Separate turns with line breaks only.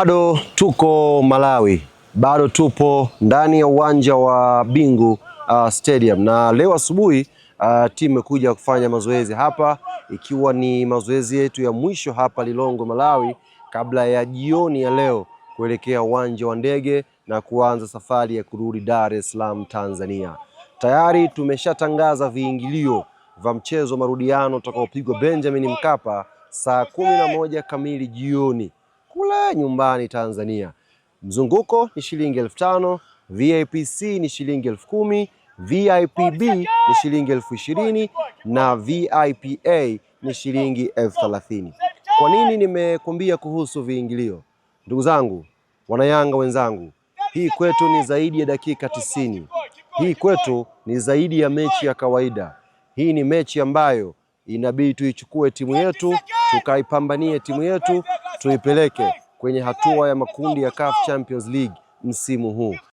Bado tuko Malawi, bado tupo ndani ya uwanja wa Bingu uh, Stadium na leo asubuhi uh, timu imekuja kufanya mazoezi hapa, ikiwa ni mazoezi yetu ya mwisho hapa Lilongwe, Malawi, kabla ya jioni ya leo kuelekea uwanja wa ndege na kuanza safari ya kurudi Dar es Salaam, Tanzania. Tayari tumeshatangaza viingilio vya mchezo marudiano utakaopigwa Benjamin Mkapa saa kumi na moja kamili jioni kule nyumbani Tanzania. Mzunguko ni shilingi elfu tano, VIPC ni shilingi elfu kumi, VIPB oh, ni shilingi elfu ishirini na VIPA ni shilingi elfu thelathini. Kwa nini nimekuambia kuhusu viingilio? Ndugu zangu, wanayanga wenzangu, hii kwetu ni zaidi ya dakika tisini. Hii kwetu ni zaidi ya mechi ya kawaida. Hii ni mechi ambayo inabidi tuichukue timu yetu tukaipambanie timu yetu tuipeleke kwenye hatua ya makundi ya CAF Champions League msimu huu.